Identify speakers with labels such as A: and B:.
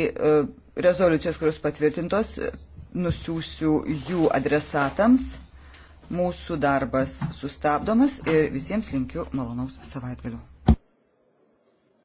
A: E, rezoliucijos, kurios patvirtintos, nusiųsiu jų adresatams. Mūsų darbas sustabdomas ir visiems linkiu malonaus
B: savaitgaliu.